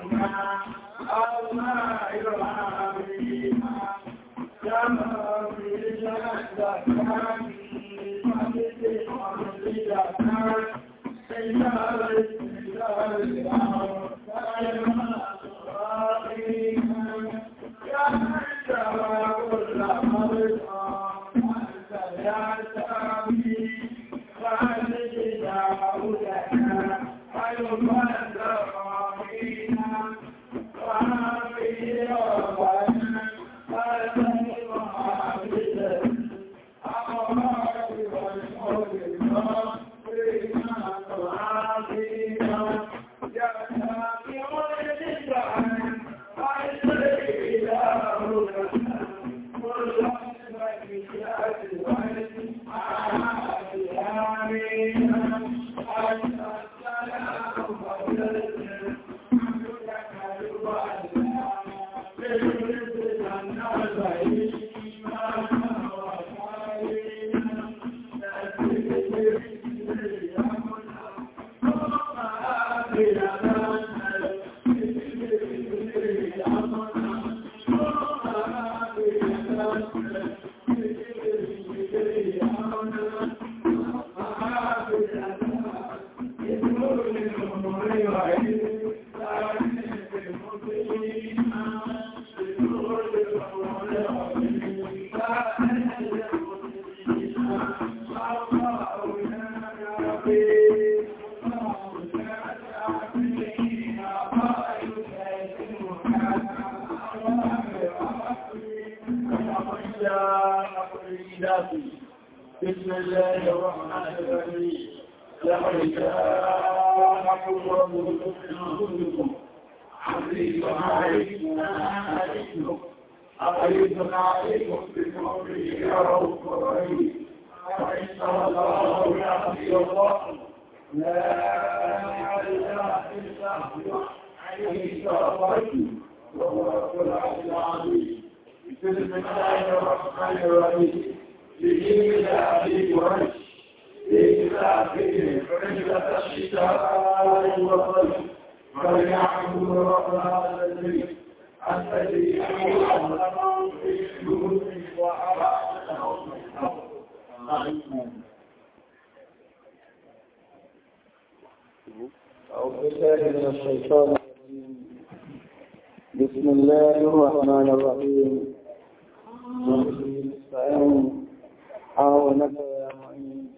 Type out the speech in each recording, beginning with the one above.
ọ̀nà àwọn ìrọ̀lá بسم الله الرحمن الرحيم لقد جاءكم ربكم من ربكم عزيز عليكم عليكم حريص عليكم بالمؤمن يا رب رحيم فإن الله يعطي الله لا إله إلا هو عليه الرحيم وهو رب العالمين بسم الله الرحمن الرحيم لجيب أبي قريش إذ أخيهم رحلة الشتاء والصيف فليعبد رب هذا البيت الذي أمر في جهود وأراد لهم أعوذ بالله من الشيطان الرجيم بسم الله الرحمن الرحيم يا معين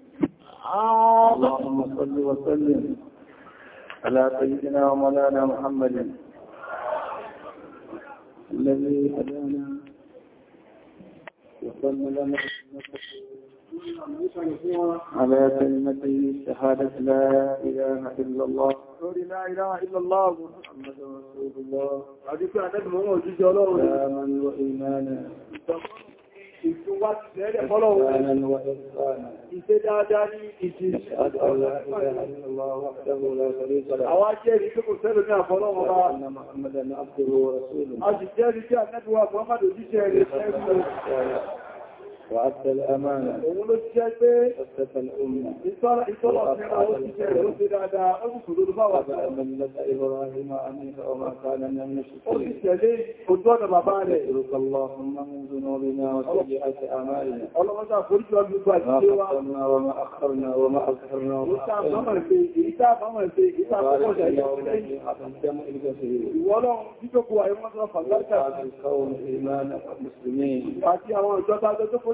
اللهم صل وسلم على سيدنا ومولانا محمد الذي هدانا وصلى لنا على كلمة شهادة لا إله إلا الله لا إله إلا الله محمد رسول الله عليك أن أدمه وجزء الله وإيمانا ètò wá ti lẹ́rẹ̀ fọ́lọ̀ Ìṣẹ́ dáadáa ní ìṣẹ́ àwọn ajẹ́rìí tó kò ní àfọ́lọ́wọ́ bá. A sì jẹ́rìí tí a nẹ́bí wa وعسى الأمانة وعسى الأمة من إبراهيم أمينه وما كان من المشركين نسألك اللهم من ذنوبنا وسيئات أعمالنا ما قدمنا وما أخرنا وما أكثرنا وما أخرنا وما أخرنا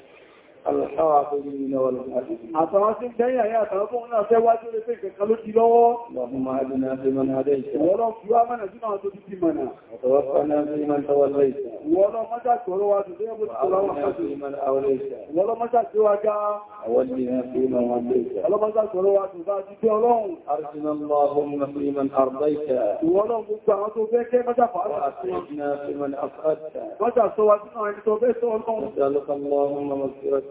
الحافظين والحافظين أتواسم دايا يا تربونا سواجه لفكة قالوا لي اللهم هدنا فيمن هديت ولو سوى من أجنا وتجد منا وتوفنا فيمن توليت ولو مدى كروا تذيب الصلاة فيمن أوليت ولو مدى سواجا أولنا فيمن وليت ولو مدى كروا تذيب يولون أرسنا اللهم فيمن أرضيت ولو مدى بك مدى فأرسنا وأسعدنا فيمن أسعدت مدى سواجنا عند توبيت نسألك اللهم مغفرة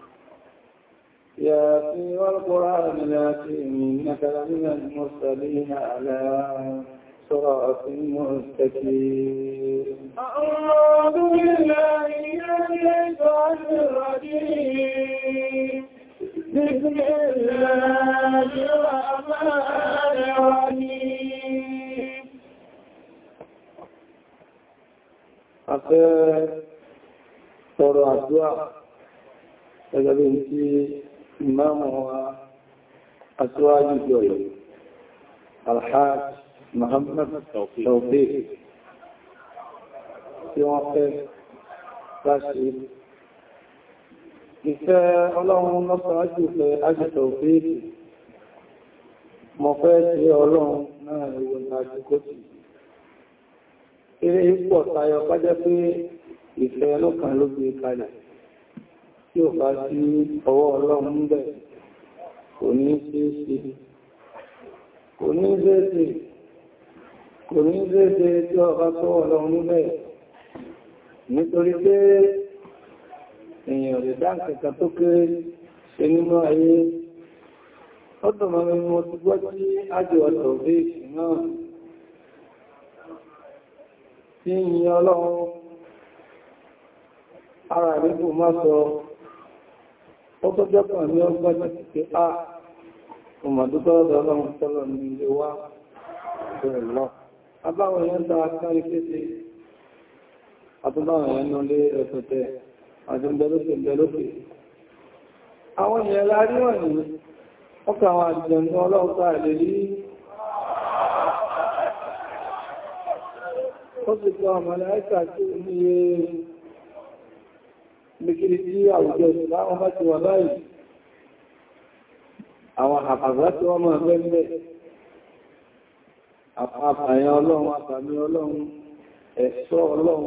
يا ياسين والقرآن الحكيم إنك لمن المرسلين على صراط مستقيم أعوذ بالله من الشيطان الرجيم بسم الله الرحمن الرحيم أخير صلاة دعاء ìmáàmù wa aṣíwájú ìjọyọ̀ alhaj Muhammad Tawfiq tí wọ́n fẹ́ láṣe ìfẹ́ ọlọ́run lọ́sọ̀ájú fẹ́ ájẹ́tọ̀ òfèèrè mọ̀ fẹ́ sí ọlọ́run náà ìwọ̀n àjíkòtì eré ipò tayọ pàjẹ́ pé ìfẹ́ lọ́kàn ló gbé kalẹ̀ tí ò bá sí ọwọ́ ọlọ́run bẹ̀ kò ní ṣeéṣe kò ní ṣeéṣe kò ní ṣeéṣe tí ọ bá tọ́wọ́ ọlọ́run bẹ̀ nítorí pé èèyàn rẹ̀ dáǹkẹ̀kà tó kéré ṣe nínú ayé ọ̀tọ̀ mọ́mí mo ti gbọ́ tí ájò ọ̀tọ̀ bí náà tí ìyìn ọlọ́run ara rẹ̀ kò má sọ ó tó jọ́kàn ní ọgbọ́n ti pé a ọmọdé tọ́lọ́dọ̀ ọlọ́run tọ́lọ́ ní ilé wá bẹ̀rẹ̀ lọ abáwọn èèyàn dára kárí kéde àtúbáwọn èèyàn náà lé ẹ̀sọ̀tẹ̀ àjọ̀bẹ̀lókè bẹ̀lókè àwọn èèyàn lárí wọ̀n ní ọkà níkiri tí àwùjọ ìsìláwọ́ bá ti wà láì àwọn àpàgbà tí wọ́n máa fẹ́ mẹ́ àpàyàn ọlọ́run àpàmí ọlọ́run ẹ̀ṣọ́ ọlọ́run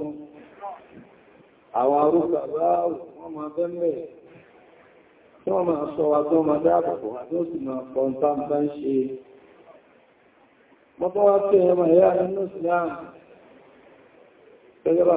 àwọn arúgbà báwù wọ́n máa fẹ́ mẹ́ tí wọ́n máa sọ wa tó máa dáàbò àti ó sì máa kọ̀ǹtà bá ń ṣe mọ́tọ́ wá tẹ́ ẹmà ìyá nínú ìsìláàmù gẹ́gẹ́ bá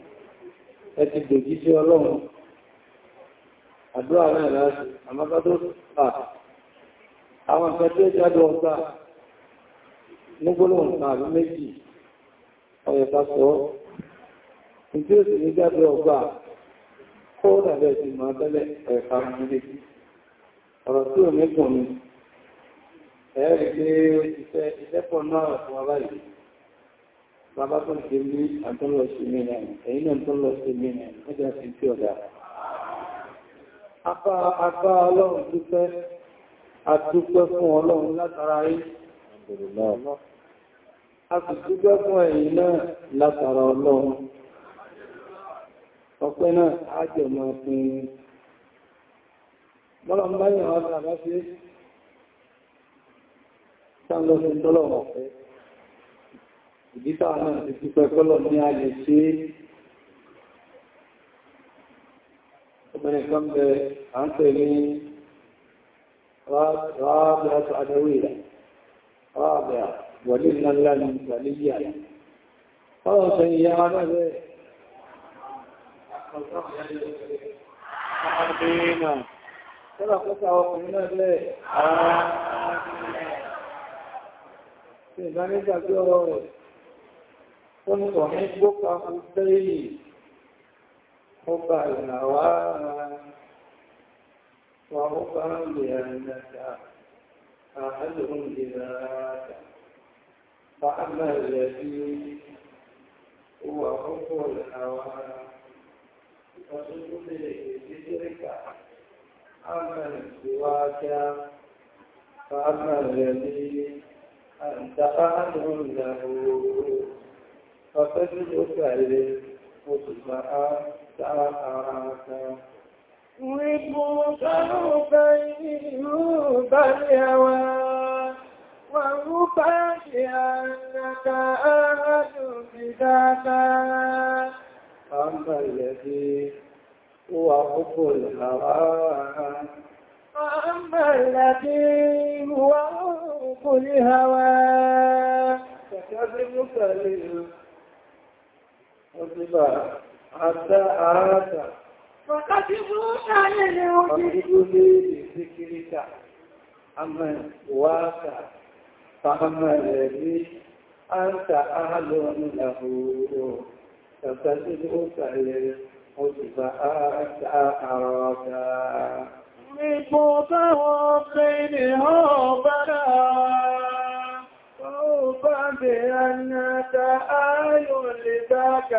ẹ ti dòjí sí ọlọ́run àdúrà náà láti àmọ́ká tó pà àwọn ìfẹ́ tí ó jáde ọgbà nígbólóhùn tààrí méjì ọ̀yẹ̀ká sọ ìdí òsì ní jáde ọgbà kó dàbẹ̀ sí máa tẹ́lẹ̀ ọ̀yẹ̀ká méjì ọ̀rọ̀ tí ò bàbá tó ṣe bí àtọ́lọ sí mìíràn èyí náà tó lọ sí mìíràn ẹjọ́ sí tí ọ̀dá apá apá ọlọ́run dúpẹ́ àdúpẹ́ fún ọlọ́run látara rí a sì dúpẹ́ fún ẹ̀yin náà látara ọlọ́run ọpẹ́ náà ájẹ̀ máa fi mọ́lọ̀ Ìdíta náà ti fi pẹ̀kọ́lọ̀ ní a lè ṣe ọmọnìkan kan bẹ à ń pè ní ráàbẹ̀ àti àdáwìlà, ráàbẹ̀ wọlé ńlá ní ìgbàlẹ́yà. Ọlọ́ Tọ́lá pẹ́ta ọkùnrin náà lẹ́ ààrẹ. Ṣe ìbánígbàgbé ọ̀rọ̀ rẹ̀. كنت أحبك أمسيت حب الهوى وحبا لأنك أحدهم لذاك فأما الذي هو حب الهوى فصدق بذكرك أما سواك فأما الذي أنت أحدهم له Ọ̀tọ́jú ló gbàlẹ̀ oṣù bá á sáà ara kan. Wípò sọ́rọ̀ ìlú balẹ̀ wa, wà ń bá ṣe àrẹ́ta ààrẹ́jù sí dáadáa. A ń bàlẹ̀ Ọdúnbà àtà àárátà. Fọ̀kàtí fún ṣàlẹ̀ rẹ̀ ọdún. Ọdún lè lè sí kíríkà, àmà wákà, fàmà rẹ̀ ní àtà àálọ́ nílàhù rọ̀. Fọ̀kàtí fún ṣàlẹ̀ rẹ̀ ọdúnbà àtà àárátà. Nígbò táwọn ọ̀fẹ́ ni ọ فبأنك آل لذاك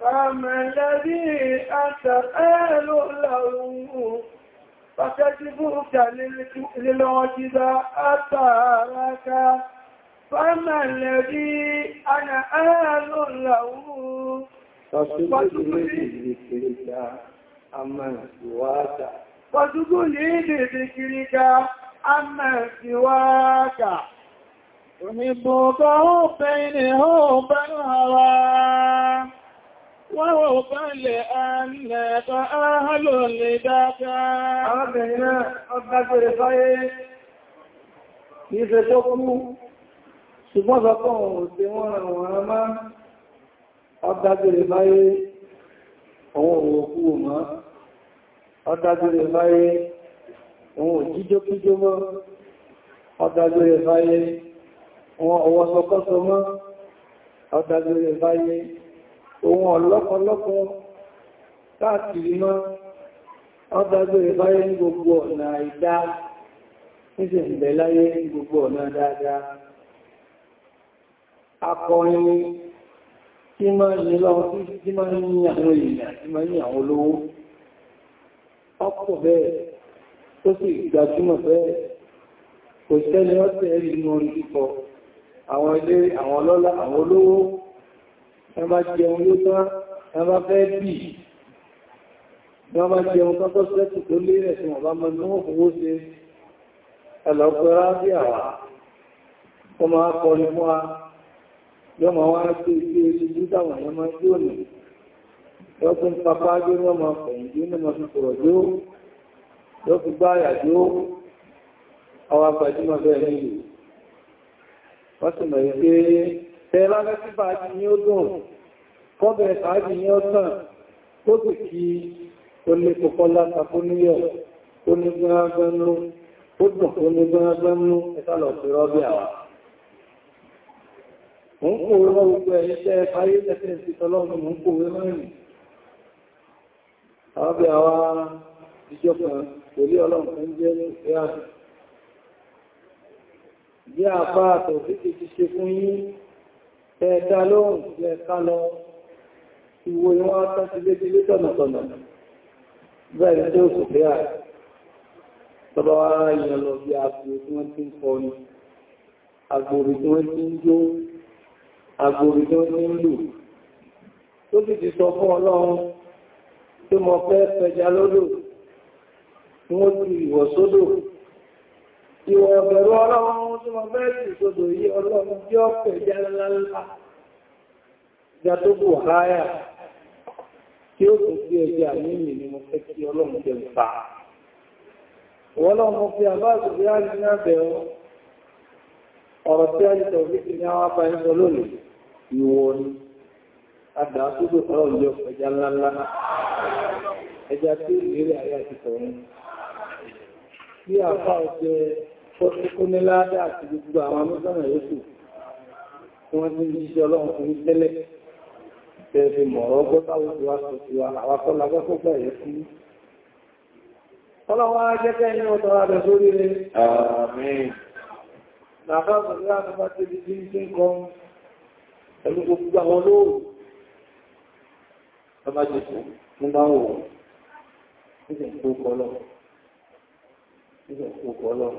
فما الذي أنت آل له فكتبوك للعجزة أتارك فما الذي أنا آل له فسجد لذكرك أما سواك يحبك حبين حب الهوى وحبا لأنك أهل لذاك أبنا أبنك رفاية Ìṣẹ́ tó kú, ṣùgbọ́n sọ́kọ̀ òṣè wọ́n rẹ̀ wọ́n máa ọdájúrẹ̀ báyé ọwọ́ òwòkú ọmọ, ọdájúrẹ̀ báyé ohun òjíjókíjó mọ́, ọdájúrẹ̀ báyé wọn ọwọ́ sọkọ́sọ mọ́ ọ̀dàgbèrè báyé ohun ọlọ́kọlọ́kọ́ káàkiri mọ́ ọ̀dàgbèrè báyé ní gbogbo ọ̀nà àìdá níṣẹ́ ìbẹ̀ láyé ní gbogbo ọ̀nà dáadáa akọrin tí máa ń lọ tí máa ń ní àwọn èèyàn tí máa ń ní àwọn olówó ọ̀pọ̀ bẹ́ẹ̀ tó sì àwọn ilé àwọn ọlọ́lá àwọn olówó ẹ bá jẹun ló tán ẹ bá fẹ́ bì ní wọ́n bá jẹun tọ́tọ́ sẹ́tù tó lé rẹ̀ tí wọ́n bá mọ́ ní wọ́n fowó ṣe ẹlọ́pẹ́rá bí àwà ó máa kọrí mọ́ a yọ́ ma wá sí ilé ìlú táwọn èèyàn máa jó nì yọ́ tún papá jó ní ọmọ fẹ̀yìndí ní ọmọ fífòrò jó yọ́ fi gbáyà jó àwọn àgbàjímọ̀ bẹ́ẹ̀ nílùú wọ́n sì mọ̀ wípé tẹ́ lábẹ́ pípa ti ní ó dùn kọ́bẹ̀ sáájì ní ọ̀sán ó sì kí ó lè pọ̀pọ̀ látàkó níyọ̀ ó ní gbẹ́rẹ́gbẹ́rú ó dùn ó ní gbẹ́rẹ́gbẹ́rú ẹ̀sàlọ̀ sí rọ́bí àwà mú kò rọ́ àwọn bí pẹ̀lú ọlọ́run kan jẹ́ ní ìfẹ́ àti bí àbá àtọ̀fíkì ti ṣe fún yí ẹ̀ẹ́dá lóhùn jẹ́ ká lọ ìwò ìwọ̀n tọ́sílé-sílé tọ̀nàtọ̀nà bẹ́ẹ̀ tí ó sòfẹ́ à tọba ara ìyàn lọ bí agbò tí wọ́n ti ń kọrin agbòrì tí wọ́n ti ń jó agbòrì tí wọ́n ti ń lù tó sì ti sọ fún ọlọ́run tí mo fẹ́ fẹja lódò tí wọ́n ti ìwọ̀ ìwọ̀ ọ̀bẹ̀rọ ọlọ́run tí wọ́n fẹ́ sí ìṣòdò yí ọlọ́run tí ó pẹ̀ jẹ́ ńláńlá ìjà tó bù háyà tí ó tún sí ẹgbẹ́ àmìnì ni mo fẹ́ kí ọlọ́run jẹ ìfà ọlọ́run fi àbáàsù bí á ní lábẹ̀ ọ̀rọ̀ tí a ní sọ̀rọ̀ ní kìí àwọn apá ẹ̀sọ lónìí ìwọ̀ ni ayé àti sọ̀rọ̀ ní àfá ọjẹ́ kó ní ládá àti gbogbo àwọn amúsànà yóò wọ́n ti ní iṣẹ́ ọlọ́run fún tẹ́lẹ̀ tẹ́ẹ̀fẹ́ mọ̀rọ̀ gbọ́tàwó ti wá sọ sí wa àwákọ́lá gbọ́gbọ́ ẹ̀yẹ fún ọlọ́wọ́ ajẹ́kẹ́ inú ọ̀tọ̀ rẹ̀ sórí rẹ̀ àmín nàfáàbọ̀ sí àtúbá tí ó ti ti ń kọ́ ẹ̀lú gbogbo àwọn olóòrù ọba jẹ́kù mú bá wọ̀ ní ìsìnkú kọlọ̀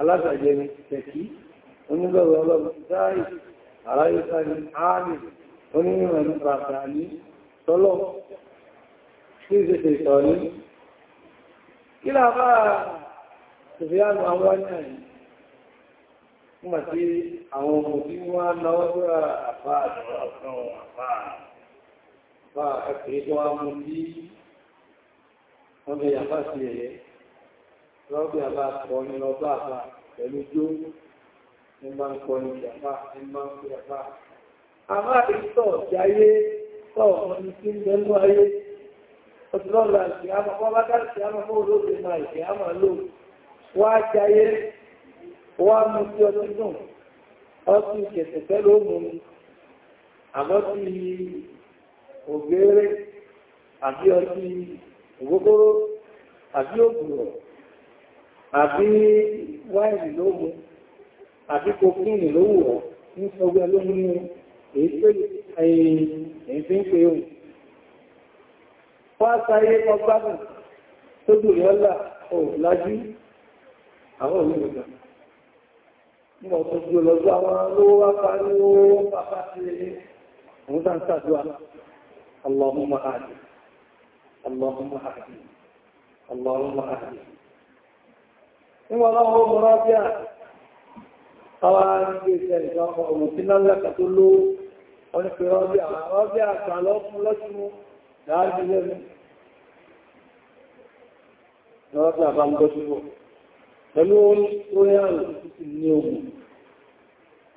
aláṣàjẹ́ ni tẹ̀kí onígbọ̀rọ̀ ọlọ́run dáì àráyíká ni ààrẹ onímọ̀ ní pàtà ní tọ́lọ̀ tí ìṣẹ́ ṣe ìtọ̀ ní kí láàbá ṣùfíànù àwọn ọ̀nà yìí nígbà tí àwọn ọmọ tí wọ́n náwọ́ tó rà àpá àjọ ọ̀sán àpá àpá rọ́bì àbá kọrin lọ́bà àbá pẹ̀lú jó ní bá ń kọrin ìjàpá ní bá ń fi àbá. àmá ìtọ̀ ti ayé tọ̀ ọ̀nà tí ń bẹ̀lú ayé ọ̀tọ́lọ́lá ìfẹ́ àmọ́ wọ́n bá dá ìfẹ́ àmọ́ fún olóògbé máa ìfẹ́ àmọ́ ọdún dùn àbí ọtí àbí wáìnì ló mú àbí kòkínì ló wù ọ́ ní sọgbẹ́ ló mú ní èyí tó ẹ̀yìn fi ń pè ohun wọ́n sáyé ọgbàmù tó dùn yọ́lá Allahumma ahdi Allahumma ahdi Allahumma ahdi níwọ̀n láwọn ọmọ rábíà àwọn arígbèsẹ̀ ìjọba ọmọ tí lálẹ́kà tó ló wọ́n pè rábíà rábíà kan lọ fún lọ́túnmú láàájú lẹ́nu rábíà bá ń gọ́ síbò pẹ̀lú orin àrùn títí ní ogun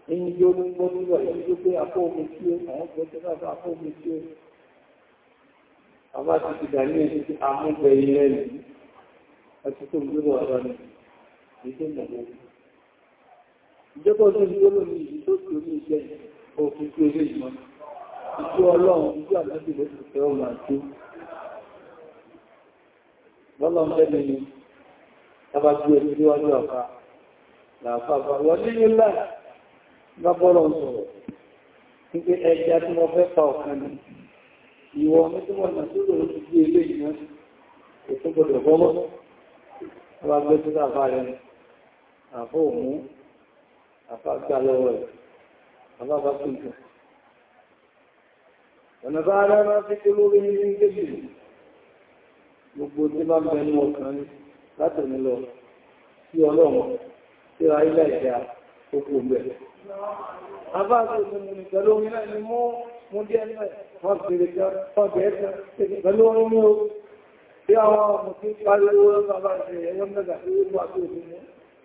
ní yóò ní gbọ́ síbò èyí tó pé àpò omi tí ó àwọn gbọ́sẹ̀ àpò omi tí ó àbá ti ti dà ní ẹ̀sìn àmúgbẹ̀yìn lẹ́nu àti tó gbé Ìjọba ọdún sí olóòrùn ìlú tó kí orí iṣẹ́ òfin tí orí ìmọ̀. Ìjú ọlọ́run ìjú àgbàtí ló ti fẹ́ ọmọ àti. Lọ́lọ́run lẹ́nu ni, tàbá jú ẹni níwájú àfà, làfàfà wọ́n ní ńlá lábọ́lọ̀ sọ̀rọ̀. Nígbé ẹja tí wọ́n fẹ́ pa ọ̀kan ni, ìwọ̀n mẹ́tíwọ̀n náà tó lòrò ti gbé ilé ìmọ̀, ètò gbọdọ̀ bọ́mọ́. Wọ́n gbé tó àfọ́ òmú àfáàgbà lọ́wọ́ ẹ̀ àfáàgbà fún ìjọ ọ̀nà bá ara máa fi kó lórí ní kéjì gbogbo tí bá bẹnu ọkàn láti ní lọ sí ọlọ́run tí ra ilẹ̀ ìjà òkú bẹ̀ àfáàgbà fún mi pẹ̀lú omi náà ni mú mú díẹ̀ náà wọ́n fi lè jẹ́ wọ́n pẹ̀lú omi ní o bí àwọn ọmọ tí pariwo lọ́gbà bá ṣe ẹ̀yọ́ mẹ́gà sí gbogbo àti òfin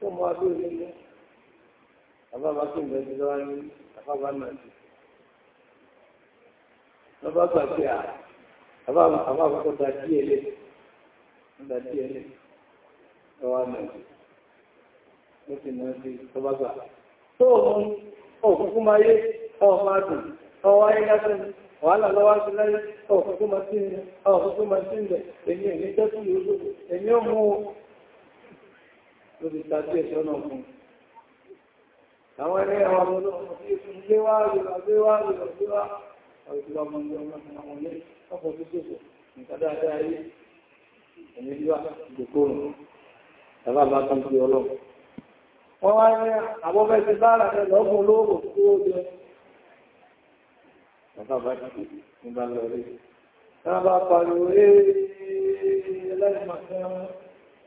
tó mọ abẹ́ òlélẹ́ bàbá bá tó ìgbẹ́ ti lọ́wọ́ ní bàbá bá máa ti bàbá gbà pé à bàbá bàbá bá tó gba díẹ̀ lé lé ó sí gbà tó máa yé ló ti tàbí ẹ̀ṣẹ́ ọ̀nà fún àwọn ẹlẹ́ àwọn ọmọ olóòrùn tí ó fún gbé wá rírọ̀ gbé wá rírọ̀ gbé wá ọ̀rọ̀ ọmọ ọmọ ọmọ ní ọkọ̀ tó ṣòṣò nǹkan dáadáa rí ẹ̀mí wíwá ìgbòkóòrùn tàbá bá tán sí ọlọ́run wọ́n wá ní àbọ́fẹ́ ti bára rẹ̀ lọ́gbọ̀n olóòrùn tó jẹ bàbá bá ti ní bá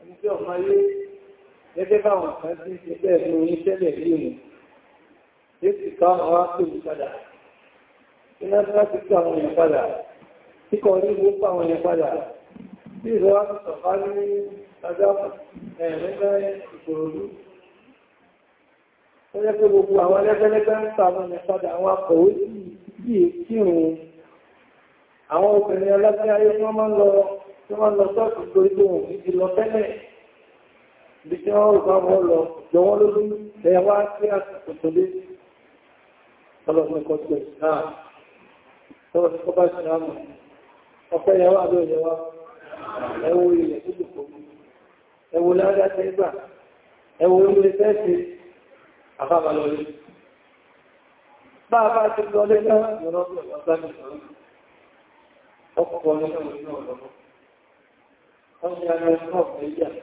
ẹni tí ọ̀ma yé gẹ́gẹ́ báwọn kan sí ti bẹ́ẹ̀ mú ní tẹ́lẹ̀ rí mú lẹ́sì ká àwọn ápèrè padà tí lásìlá ti kí àwọn èèyàn padà tí kọ̀ ní gbogbo àwọn èèyàn padà tí ìrọ̀wá ti sọ̀fá ní ajáfà ẹ̀rẹ́gbẹ́ ìṣòro ó yẹ pé gbogbo àwọn ẹlẹ́gbẹ́lẹ́gbẹ́ ń sàmọ́ ní padà àwọn akọ̀wé sí ìkírun àwọn obìnrin alágbé ayé tí wọ́n máa ń lọ sọ́ọ̀tù tó wù ní tẹ́lẹ̀ bí tí wọ́n rúkọ wọ́n lọ jọwọ́ lórí ẹwà tí a tòtòlé ọlọ́pẹ́kọ́ tó náà tọ́wọ́ tí kọ́ bá ṣe àmà ọpẹ́ ẹwà àbẹ́ ìyẹwà ẹwọ ilẹ̀ ìdìkò ẹwọ lára tẹ́gbà ẹwọ ilé tẹ́sì àfábalọ́lé bá a bá ti lọ lé náà ìrọ́bọ̀ ọ̀pọ̀ ọ̀pọ̀ ọ̀pọ̀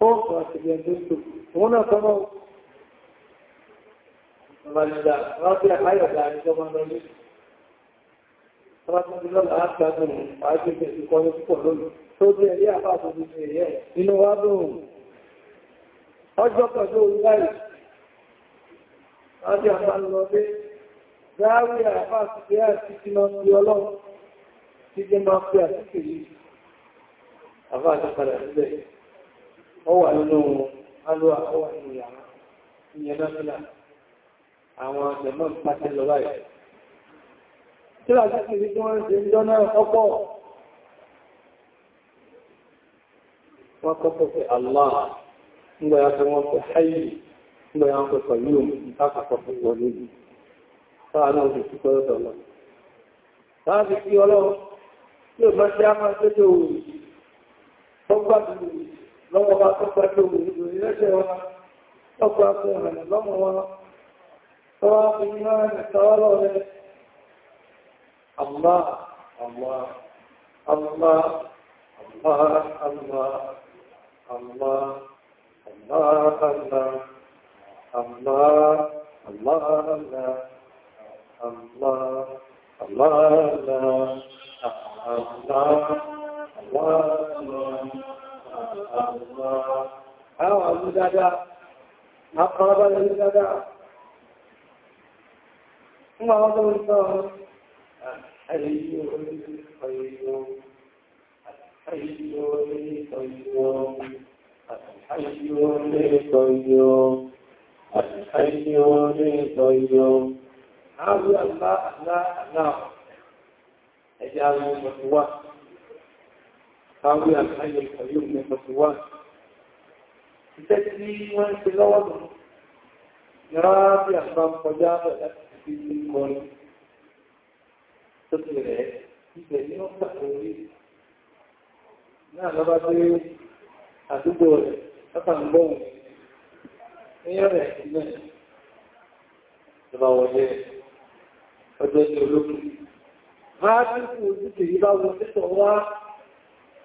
fóòkù àti ìgbẹ̀ndótò òun náà tọ́mọ́ ọmọdé rábí àkáyọ̀dá ìjọba lọ́lé ọmọdé lọ́lá àtàdùn àjẹ́gbẹ̀ ìkọ́ni púpọ̀ lórí tó bí ẹ̀rí àpapọ̀ gbogbo ẹ̀yẹ inú wá lóhun ọjọ́ pẹ̀lú orílẹ̀-èdè rábí àpapọ̀lọ́lé dáárí àpapọ̀ àti ti máa ń fi ọlọ́run ó wà nínú alúwà ó wà nínú yàrá ìyẹn náà àwọn àjẹ̀mọ́ pàtẹ́ lọ báyìí tí wà láti rí tí wọ́n Allah nígbà yàtọ̀ wọ́n pẹ̀ hayi nígbà yàtọ̀ pẹ̀ yíò ìtàkàkọ̀ fún wọlé yìí sáà náà ti fi kọ́rọ̀ tọ̀lọ̀ láti kí ọlọ́run tí ò bá ṣe á máa tẹ́jọ òun tó gbàgbé lọ́wọ́ bá tọ́pọ̀ tó ìlú ilẹ́ṣẹ́ wa tọ́pọ̀ tó ìrìnà lọ́mọ wa tọ́wọ́ fi ní máa rẹ̀ tọ́wọ́lọ́ rẹ̀ Allah Allah Allah Allah Allah Allah Allah Allah Allah Allah Allah Allah Allah Allah Allah Allah àwọn àmú dáadáa àkọ̀ọ́bá lórí dáadáa ń wà wọ́n tó ń sọ àìyíò orí ọ̀yọ̀ àìyíò orí ọ̀yọ̀ àìyíò orí ọ̀yọ̀ àìyíò orí ọ̀yọ̀ àwọn àlá àlá àlá ẹ̀yà àwọn ọmọ káwí àkáyẹ ìkọ̀yọ́ mẹ́fà ti wá. Iṣẹ́ tí wọ́n ń ṣe lọ́wọ́ mọ̀, rábí àpá kọjá bẹ̀ láti fi ti kọrin. Tó ti rẹ̀, ibẹ̀ ní wọ́n pàtó orí. Náà lọ́bá tó àdúgbò rẹ̀, lọ́pàá ń kò ojú kìí bá wọn tẹ́tọ̀ wá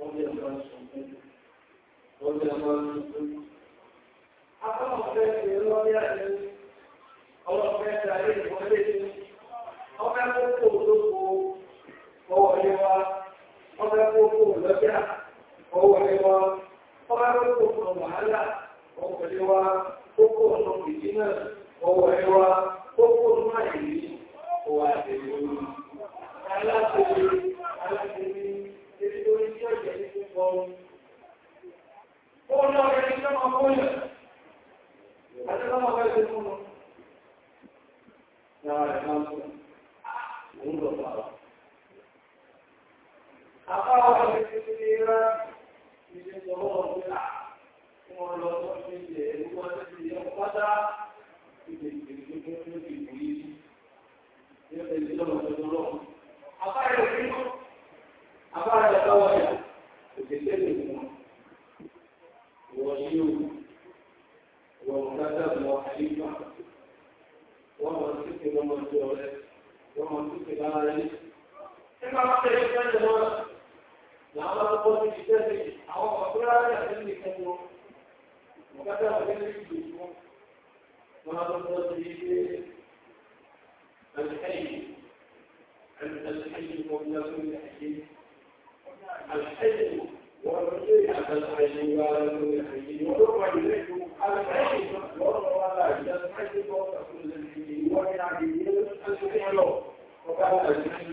Oúnjẹ ọwọ́ ilé wa, ọ̀nà wàhálà ọwọ́ ilé wa, ọ̀nà ìdínà ọwọ́ ilé wa, kókó ọ̀nà lórí tí ó jẹ́ nínú pọ̀ ohun. Ó lọ rẹ̀ ní ọmọ kóyọ̀. Àti ọmọ bẹ́ẹ̀ tó múnú. Yàrá rẹ̀ máa ń sọ. Òun lọ bá wa. Àbá wa rẹ̀ ti fi ní rá ìṣe ìjọba ọ̀gbìn à. Wọ́n lọ sọ fún ìṣe ìlú wọn ti fi ọkọ̀ pátá ìṣe ìṣe ìṣe ìṣe ìṣe ìṣe ìṣe ìṣe ìṣe ìṣe ìṣe ìṣe ìṣe ìṣe أفعل أولا بالسلم وشيوخ ومكتب وحليفة ومن سكت ومن جولة ومن سكت غالي كما قد يكون هو لعمل قوة الجسد أو مقرأة يحلم كنو مكتب وحلم كنو وهذا قوة الجسد الحي الحي قبل كل حي الحي والرجيع الحي والرجيع الحي ويرفع إليكم الحي والرجيع الحي وتقول الحي ومن عبيد الحي له وقال الحي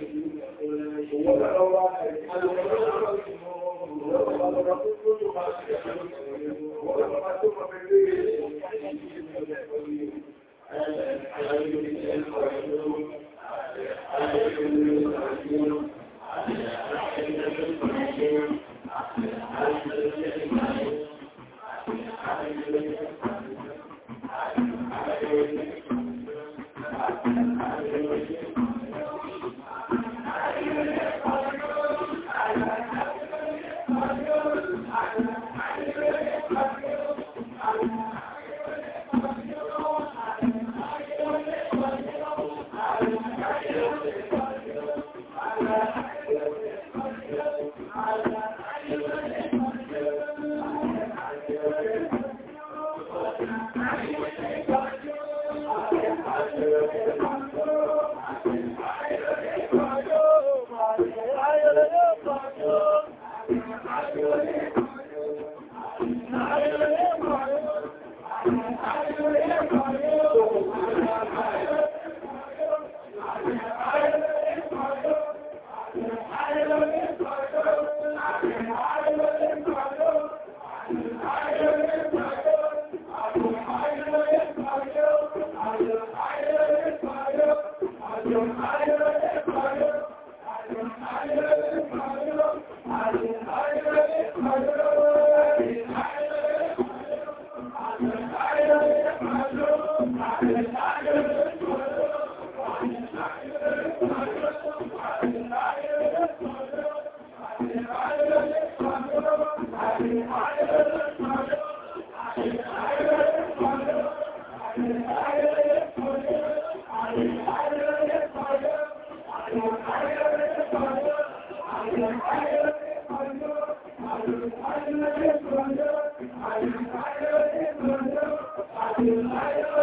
Thank you.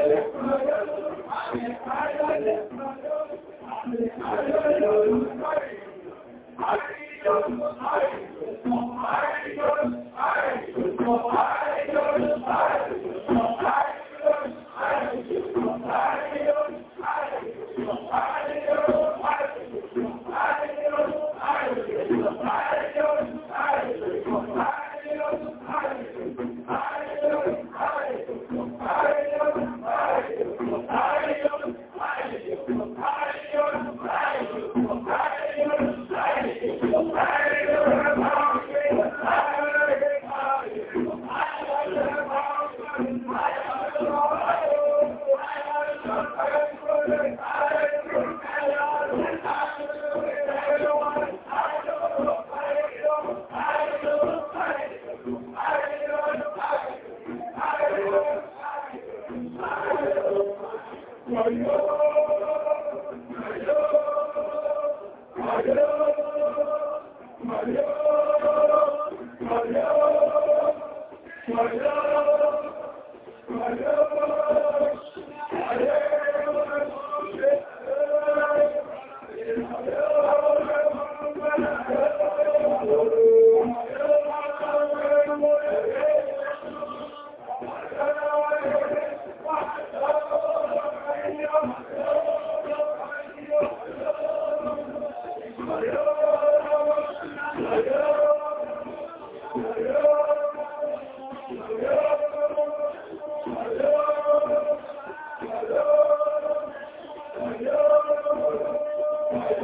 Gracias. Thank you.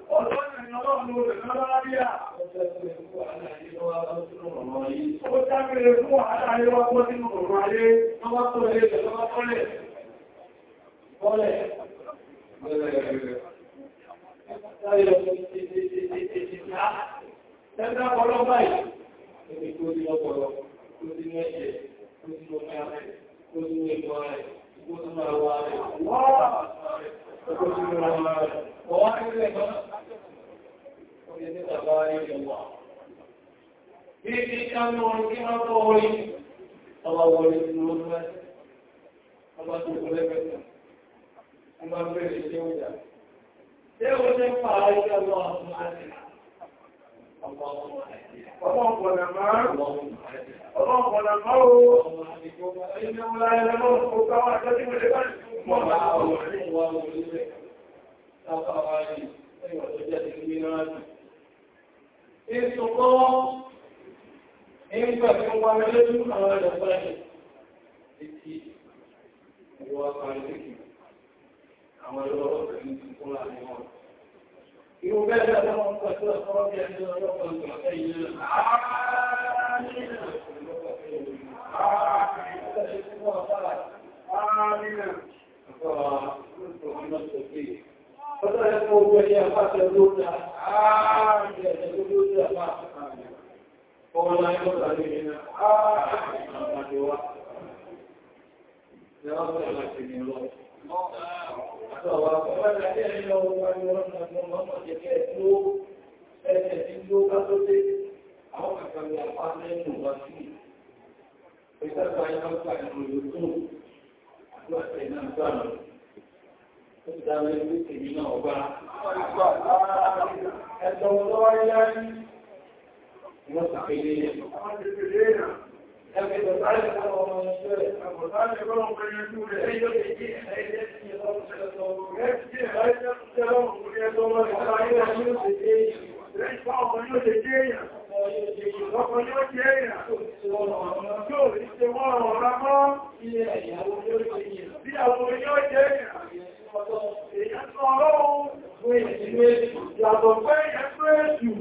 Ẹgbẹ́ ọlọ́ báyìí, ẹni tó ní ọpọlọ, tó ní ẹ̀jẹ̀, tó ní ọmọ ẹ̀rẹ́, tó ní ẹgbọ́ rẹ̀, tó ní ọwọ́ rẹ̀, wọ́n wà Bí i orin kí máa tọ́ orin, ọba wọlé ní orí mẹ́, ọba tó kò lẹ́gbẹ̀ẹ́ ọmọ bẹ̀rẹ̀ ṣe ó jà. Ṣé ó ṣe ń pàá ìjọba ọmọ àti àti Ọlọ́pọ̀lọpọ̀ máa ọlọ́pọ̀lọpọ̀ máa ó ẹni ọlá ẹlẹ́mọ́ ọ̀pọ̀ àwọn àjọ́jú mẹ́lẹ́ bá ní mọ́ máa ọ̀rọ̀ ní wọ́n mú ilé. Tàbí àwọn àrí ẹ̀yọ̀ tó jẹ́ ti ní náà jù. Ìsùnkọ́ ẹgbẹ́ tí ó wà mẹ́lẹ́ tún àwọn ẹ̀dọ̀ pẹ́lẹ̀. Ìtì ìwọ̀ àpàrí يبادر لهم فتاة ربيع من الرب الحسين آمين آمين فقلت عن الصفية فذهبوا وهي فاتلونا آمين يجلونا فاتلونا ولا يمر علينا آمين يا رب العالمين الله àtọ̀wà fọ́nmọ́ta ní ẹ̀yọ ohun ayọ́rọ̀ ọmọ ọmọ àwọn ti dáwọ́ ẹgbẹ́ Bí àwọn yóò jẹ́ ìrìn Ìjẹ́lẹ́yìn, ìlàtọ̀ ìpàgẹ́rẹ́ ti ọkọ̀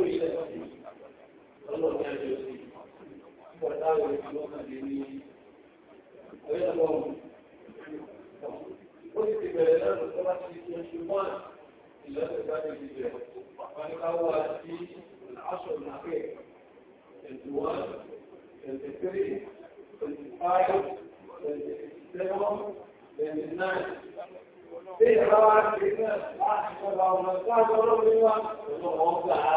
ìṣẹ́lẹ̀ ọlọ́pẹ́ ẹjọ́ sí. Ó sì ti bẹ̀rẹ̀ lẹ́nu tó bá ti ṣe ṣe wọ́n ìlẹ́sẹ̀ ìgbàdé ti bẹ̀rẹ̀. Wọ́n ni ká wà sí aṣọ ìlàpẹ̀ 21, 23, 25, 27, 29. Bí ìrọ̀wà ti náà láti ṣọ́ra ọmọ ìgbàdé ọlọ́run wá, ọmọ ọgbà á.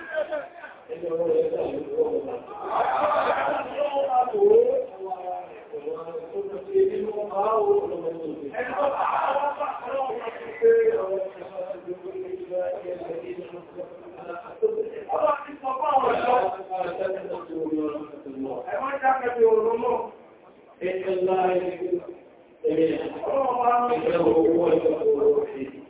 إن الله يجب أن يكون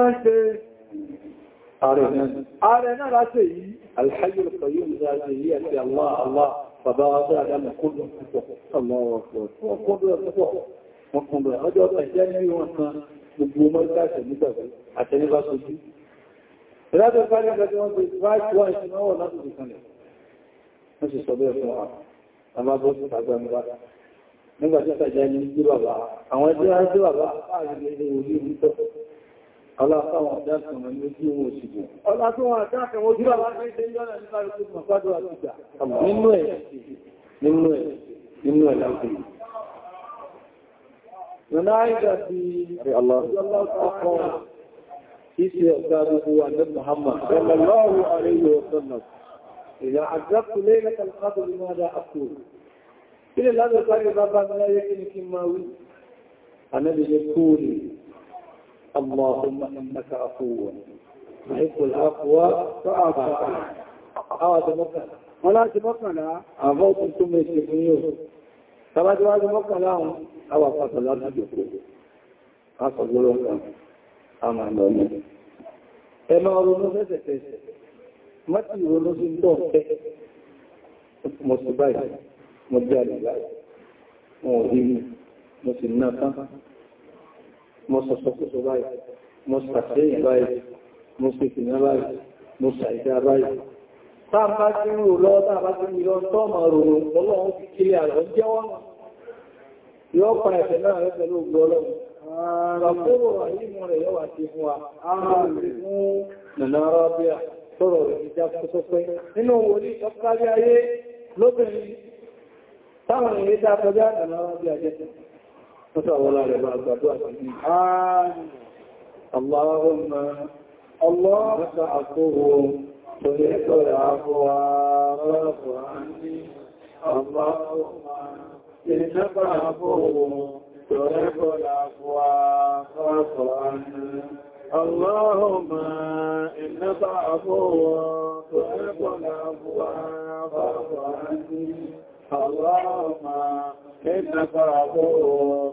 máa ṣe ààrẹ náà láti yìí alhayyul qayyum zaɗe yìí àti Allah Allah bàbá wa tó àdámà kúrò púpọ̀ wọ́n kúrò púpọ̀ wọ́n kúrò ọjọ́ ọ̀pẹ̀ jẹ́ ní wọn kan gbogbo mọ́lá àtẹ̀nígbàgbé àtẹ̀nígbà sojú Ìrádọ̀ fàájá gẹ́gẹ́ wọ́n ti fàájú wọ́n ìṣìnàwó láti ìkànlẹ̀. Wọ́n ti sọ bẹ́ẹ̀ fún wa, a máa bọ́ sí tàgbà ń bá. Nígbàtí ọ̀tàjá ní ìjú bàbá, àwọn ẹgbẹ́ Aláàtàwọn àdáàkàwọn ní ojú wọn òṣìgbò. Aláàtàwọn àdáàkàwọn ojú àwọn àṣẹ́ ìjọ́nà nípa ìpínlẹ̀ Mọ̀fádò àti ìjà. Nínú ẹ̀, nínú ẹ̀, nínú ẹ̀ láti. Nínú àìjà ti ọlọ́pàá kí sí ọ̀gá gbogbo wa ní Muhammad, sallallahu alayhi wa sallam. da aqul. Kí lè lázọ̀ sáré bàbá mi láyé kí ni kí máa wí? Ànábì yẹ kúrò اللهم إنك عفو تحب العفو فأعطى هذا مكان ولا تبقنا أعطوا ثم يستفنيه طبعا هذا مكان لهم لا تبقوا فصل لهم أما أمامي ẹmọ ọrọ̀nú fẹ́sẹ̀fẹ́ mọ́tí ìrọ̀nú sí tó fẹ́ mọ́ sí báyìí mọ́ jẹ́ àdìgbà mọ́ òdí mọ́ sí mo sọ̀sọ̀kúsọ báyìí mo sàtẹ́yìn báyìí mo sì fìyàn báyìí mo sàìdá báyìí táàbá tí ń rò lọ táàbá tí ń rò tọ́mà ròrò ọlọ́run ti kílé àrọ̀ jẹ́wọ́n yóò pa ẹ̀fẹ̀ náà rẹ̀ pẹ̀lú ògbọ́ ọlọ́run Ààrùn-ún àyíkùn rẹ̀ yọ́wà ti fún wa, ààrùn fún nànà rọ́bíà, tọ́rọ̀ ìjà pẹ́sọ́pẹ́. Nínú wòlí فتولى لبعض آمين اللهم الله سأقوهم تريد العفو واعف عني اللهم إنك عفو تريد العفو واعف عني اللهم إنك عفو تحب العفو فاعف عني اللهم إنك عفو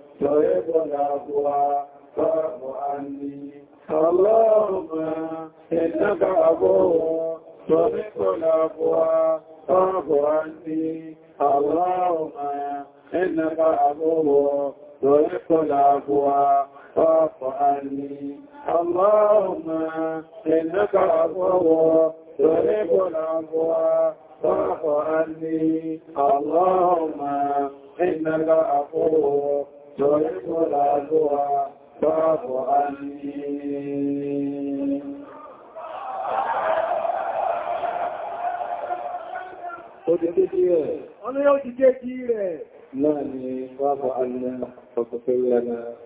يعيب العفو فاعف عني اللهم إنك عفو تحب العفو فاعف عني اللهم إنك عفو تحب العفو فاعف عني اللهم إنك عفو تحب العفو فاعف عني اللهم إنك عفو ترق العدوى فاعف rẹ̀. Ọlọ́yọ́ ti ké tí rẹ̀. Náà ni fáfọ́ àná,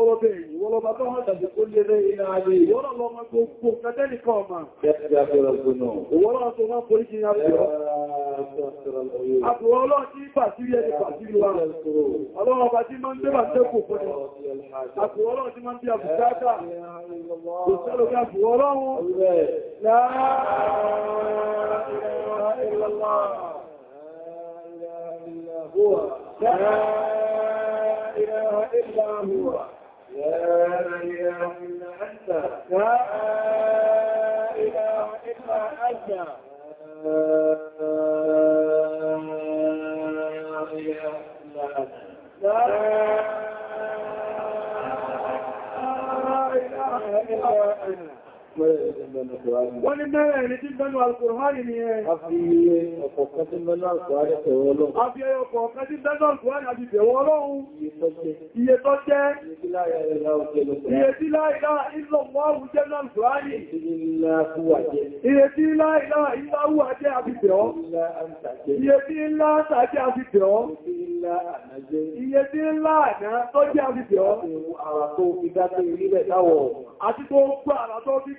ìwọ́lọ́bẹ̀rẹ̀ ìwọ́lọ́bà tó hàn tàbí kó lè rẹ̀ ìrìn àjò ìwọ́lọ́lọ́mọ́ gbogbo kẹtẹ́lì kan ọmọ. Ìwọ́lọ́wọ́ tó máa forí jìnà bí ọ́. Àbúrọ́ ọlọ́ọ̀ tí pàtírí ẹni pàtírí wa. Ọlọ́wọ́ bá tí máa ń gbé bà tẹ́kù fún ọ. Àbúrọ́ ọlọ́ọ̀ tí máa ń bí àbùkátà. Kò sẹ́lò bí àbúrọ́ ọlọ́run. Láàá ìlọ́lá. لا إله إلا هو لا إله إلا أنت لا إله إلا أنت لا إله إلا أنت لا إله إلا أنت Wọ́n ní bẹ́rẹ̀ ní tí bẹ́nu alkùnrin ni ẹ. A fi ọkọ̀ọ̀kan tí bẹ́nu alkùnrin tẹ̀wọ́ ọlọ́run. A fi ọkọ̀ọ̀kan tí bẹ́nu alkùnrin àti tẹ̀wọ́ ọlọ́run. Iye tó jẹ́. Iye tí láìlá ìlọ́wọ́ jẹ́ náà alkùnrin. Iye tí láìlá ìlọ́wọ́ àti tẹ̀wọ́. Iye Iye tí láìlá tó jẹ́ àti tẹ̀wọ́.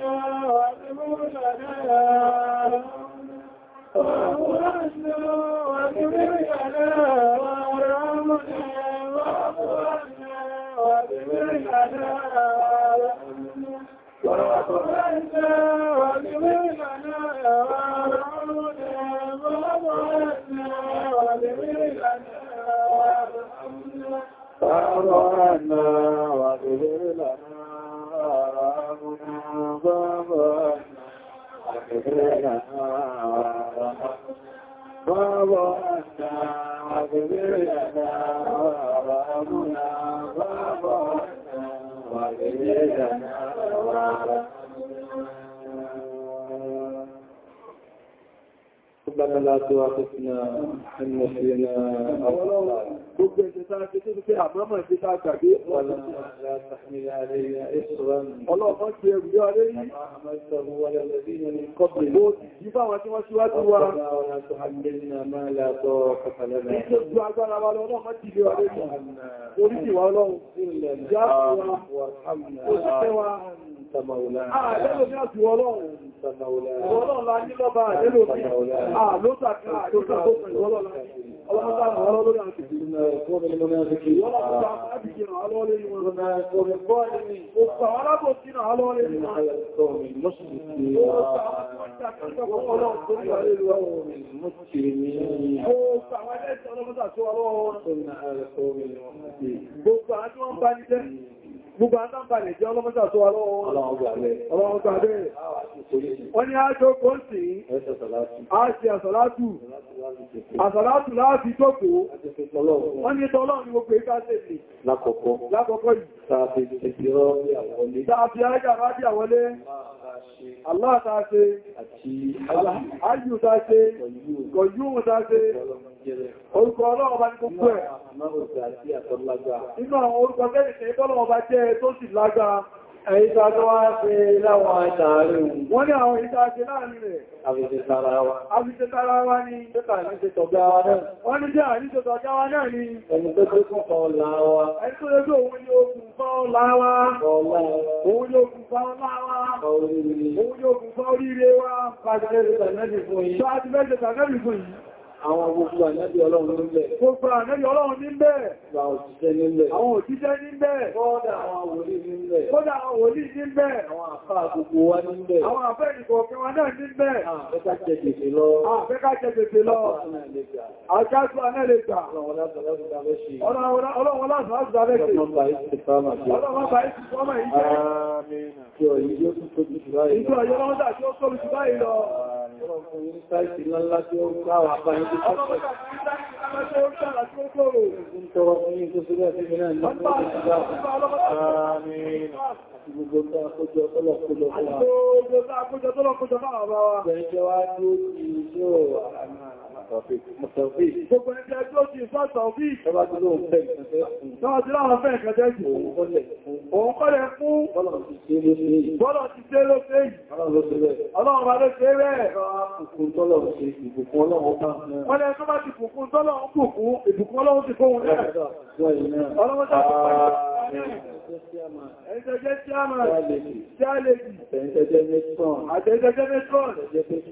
تقنا إن فينا gbogbo ẹ̀ṣẹ̀ sára kí tó fẹ́ àmọ́mọ̀ sí tàbí ọlọ́pàá ti ẹ̀rù yọ́ alé rí bó jí fáwọn tí wọ́n síwájú wa ìjọ́jú agbára wa lọ́nà má ti lè wà lórí oríṣìí wa ah, ọlọ́run ìjọ́ àwọn àwọn àmì Ọlọ́run la ní lọ́ba àdélò bí àlótàkà àlótàkà tó pẹ̀lú ọlọ́run láti. Ọlọ́run bá àwọn ọlọ́run láti. Ọlọ́run bá àwọn ọlọ́run láti. Ọlọ́run bá àwọn ọlọ́run láti. Ọlọ́run bá àwọn ọlọ́run láti. Ọlọ́run bá àwọn ọlọ́run láti. Ọlọ́run bá àwọn ọlọ́run láti. Ọlọ́run bá àwọn ọlọ́run láti. Gbogbo àtàbàlẹ̀ jẹ́ ọlọ́mọ́sà tó alọ́wọ́gbàlẹ̀. Wọ́n ni a jókó sí, a ṣe àsàlátù, àsàlátù láti jókó, wọ́n ni tọ́lọ́ ni gbogbo ìgbà tẹ̀lẹ̀. Lákọ̀ọ́kọ́. Lákọ̀ọ́kọ́ yìí. Tàbí ìgbìrọ́ bí àwọlé. Tàbí ajá bá bí àwọlé. Allah ta ṣe. Àti Allah. Ayú ta ṣe. Gọ̀yú ta ṣe. Orúkọ ọlọ́wọ́ bá ní gbogbo ẹ̀. Inú àwọn orúkọ tẹ́lẹ̀ tọ́lọ́wọ́ bá jẹ́ tó sì lágbára. Ẹ̀yí tó tó wá ṣe láwọn àtàrí Wọ́n ní àwọn ìta láàrin rẹ̀. Àfíṣẹ́ tara wa. Àfíṣẹ́ tara wa ní tẹ́ta ní ṣe wa náà. Wọ́n ní jẹ́ àrí tó wa náà ní. Ẹni tó tó àwọn gbogbo ànábì ọlọ́run nílẹ̀. Gbogbo ànábì ọlọ́run nílẹ̀. Àwọn òṣìṣẹ́ nílẹ̀. Àwọn òṣìṣẹ́ nílẹ̀. Kọ́dà àwọn wòlíì nílẹ̀. Kọ́dà àwọn wòlíì nílẹ̀. Àwọn àfá gbogbo wa nílẹ̀. Àwọn àfẹ́ ìkọ̀ọ̀kẹ́ wa náà nílẹ̀. Àfẹ́ká jẹ gbèsè lọ. Àfẹ́ká jẹ gbèsè lọ. Àjásù anẹ́lẹ́gbà. Ọlọ́run lásàrásù dábẹ́ sí. Ọlọ́run Gbogbo àkójọ tọ́lọ̀kójọ fún wa. Gbogbo àkójọ tọ́lọ̀kójọ fún wá ní ti ṣe àmà Gbogbo ẹgbẹ́ ẹjọ́ ti sọ́tọ̀ bí ìṣẹ́lá tí ó ń fẹ́ ìṣẹ́lá. Tọ́wọ́ tí láwọn fẹ́ ìṣẹ́lá jù. Òun kọ́lẹ̀ fún bọ́lọ̀ ti ṣe ló fẹ́ yìí. Ọlọ́run bá ló ṣe rẹ̀. Ọlọ́run tó bá ti kùnkùn tọ́lọ̀ ń kùnkùn, ìbùkún ọlọ́run ti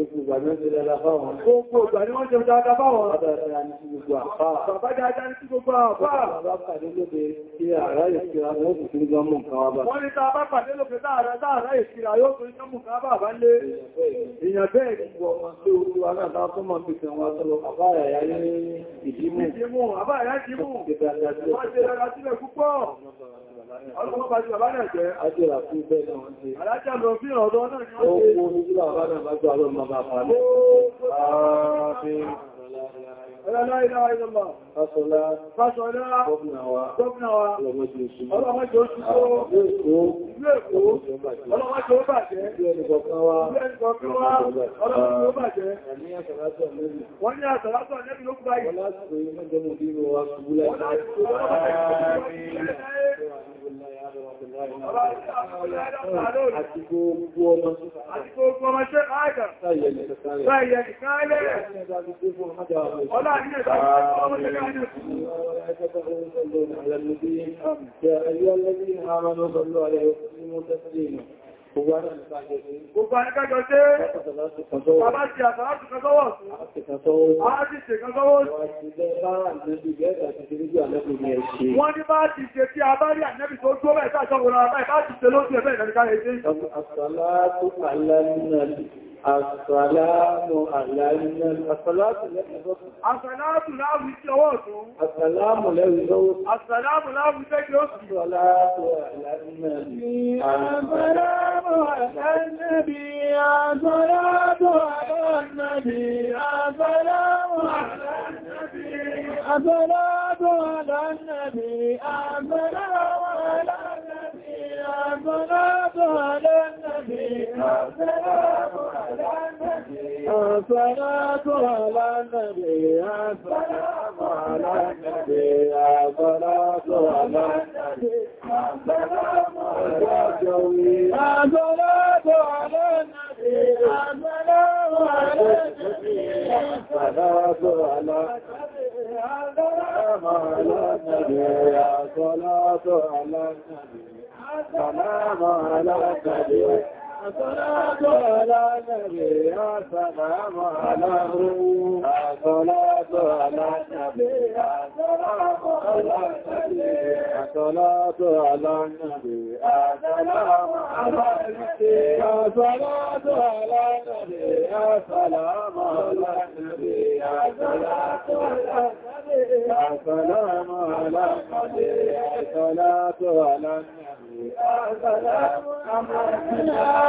Gbogbo ìgbà ni wọ́n jẹ́ dáadáa fáwọn. Gbogbo ìgbà ni wọ́n jẹ́ dáadáa fáwọn. Bàbá dáadáa ní sí gbogbo àpá. Bàbá dáadáa ní Ọlọ́pàá bá jù jẹ́ àti ìràkú náà ṣe. lọ sí ọ̀dọ́ náà ni ó Ó kú ní ولا لا إله إلا الله فصلاة فصلاة فبنوا فبنوا ọlọ́mọ jẹ́ oṣù ọlọ́mọ jẹ́ oṣù ọlọ́mọ ní àtàlátọ̀ يا أيها الذين آمنوا صلوا عليه وسلموا تسليما Gbogbo ẹ̀kẹ́ jọ ṣe, bàbá ti àtàrà ti kan sọ́wọ́ sí, a ti ṣe kan sọ́wọ́ sí. Wọ́n ní bá ti ṣe tí a bá rí ànẹ́bì tó tó bẹ̀ẹ́ sáàṣọ́ wòrán báyìí bá ti Àṣàlátù láàrín tí ọwọ́ ọ̀tún. Àṣàlámù lẹ́rìn lọ́wọ́. Àṣàlámù láàrín tẹ́kì ó sì. Àṣàlátù àlárín náà bí. Àṣàlámù àlárín náà bí. Àṣàlátù àlárín náà bí. Àṣàlámù àlárín náà bí. Àṣàlátù àlárín náà bí. Àṣàlátù àlárín náà bí. الصلاة على النبي الصلاة على النبي الصلاة على النبي الصلاة على النبي الصلاة على النبي الصلاة على النبي الصلاة على النبي الصلاة على النبي الصلاة على النبي الصلاة على النبي سلام على قدوة الصلاة على النبي السلام عليه الصلاة على النبي السلام عليه الصلاة على النبي السلام عليه الصلاة على النبي السلام على النبي الصلاة على النبي السلام على النبي الصلاة على النبي السلام على النبي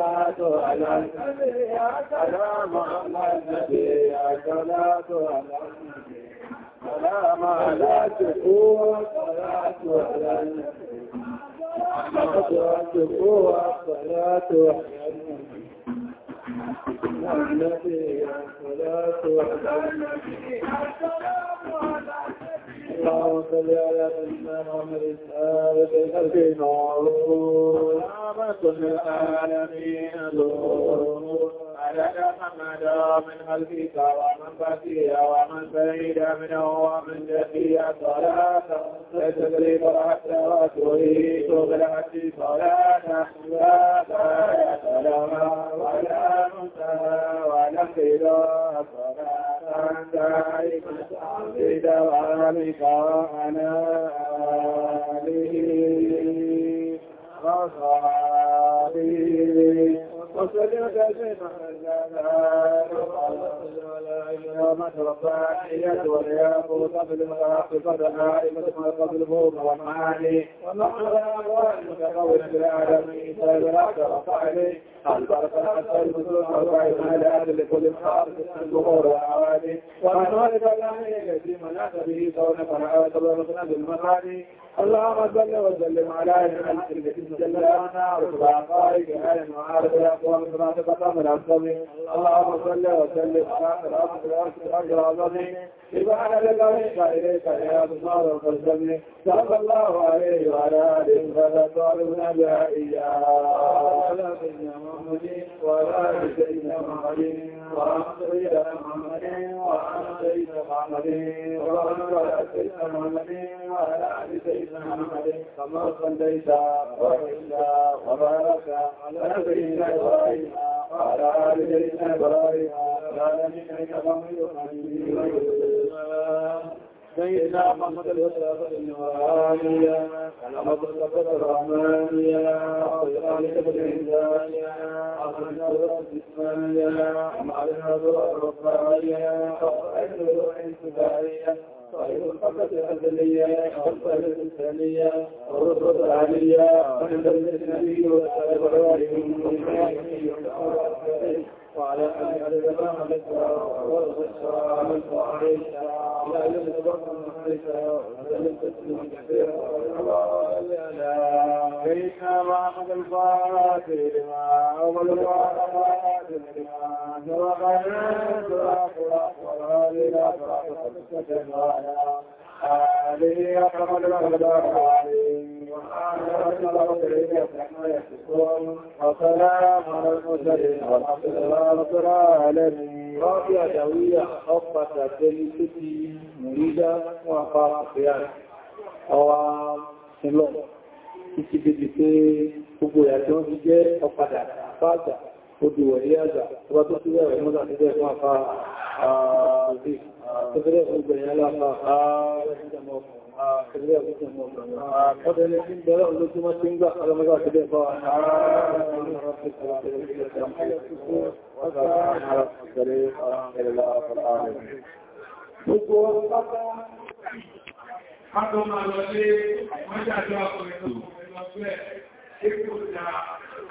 صلاة على النبي سلام على النبي صلاة على النبي سلام على تقوى صلاة على النبي صلاة تقوى صلاة على النبي النبي صلاة على النبي السلام على اللهم صل على سيدنا محمد الثابت القلب المعروف رحمة العالمين أعلن محمدا من خلفك ومن خلفك ومن بعيد منه ومن جهي صلاة تسليم حتى رسوله تغلى حتى صلاة لا سلام ولا منتهى ولا خلاف صلاة دائمة بدوامك وعلى آله وسجد لمن لا يوم الرباعية والياقوت بالمراقب الرائمة مرقب البوم والمعاني ومعنى المتقوي بالعالمين فبراك رفعني البركة حتى البذور والعمالات لكل خارج الدهور والعوالي ومن ولد الأمين في مناسبه كون فرعات الرسل بالمغاني اللهم صل وسلم على سيدنا وسبحانك على المعارف الاقوام كما تقدم العظم اللهم صل وسلم على الرب العظم سبحان الله اليك يا بصار والقسم صلى الله عليه وعلى اله وصحبه بها اياه على سيدنا محمد وعلى سيدنا محمد وعلى سيدنا محمد وعلى سيدنا محمد وبارك على سيدنا محمد وعلى ال سيدنا محمد كما صليت ورحمت وبارك على سيدنا ابراهيم وعلى ال سيدنا ابراهيم العالمين انك حميد مجيد سيدنا محمد الوسافة النورانية علامة الصفة الرحمانية أصدقائك بالإنسانية أخرجنا ذرة الإسلامية أمعلنا ذرة الربانية أخرجنا ذرة الانتفاعية صاحب الحقة الأزلية والصحبة الإنسانية والرتبة العالية وعند النبي وسائر عليهم وعلى آله وصحبه وعلى أن أرزقنا عليها والغسرى عليك وعليها لا يرزقنا عليها وسلم تسليما كثيرا إنا ما أخذ الفاتح لما أول الفاتح لما سبقنا سراق الأخبار إلى سراق الفتح عليه أكرم المقدار عليم وآخر الأرضين يسحن يحسسون وسلام على المرسلين والحمد لله رب العالمين رافية جوية خطة تلسكي مريدة وفاقية أوام سلوم títí bèbè pé gbogbo ìyàjọ́ ń jẹ́ ọ̀padà àpáàjà odò ẹ̀yẹ àgbà tó bá tó sí ẹ̀rẹ̀ mọ́ta sí ẹ̀fún àfá ààrẹ tó fẹ́rẹ̀ fún ìgbẹ̀yìn aláfà ààrẹ ìjẹmọ̀ ààrẹ ìjẹmọ̀ ọ̀dọ̀ ẹni tí ń bẹ̀rẹ̀ olójúmọ́ tí ń gbà ọlọ́mọ́gbà sí ẹ̀fún ààrẹ ìjẹmọ̀ ọ̀dọ̀ ẹni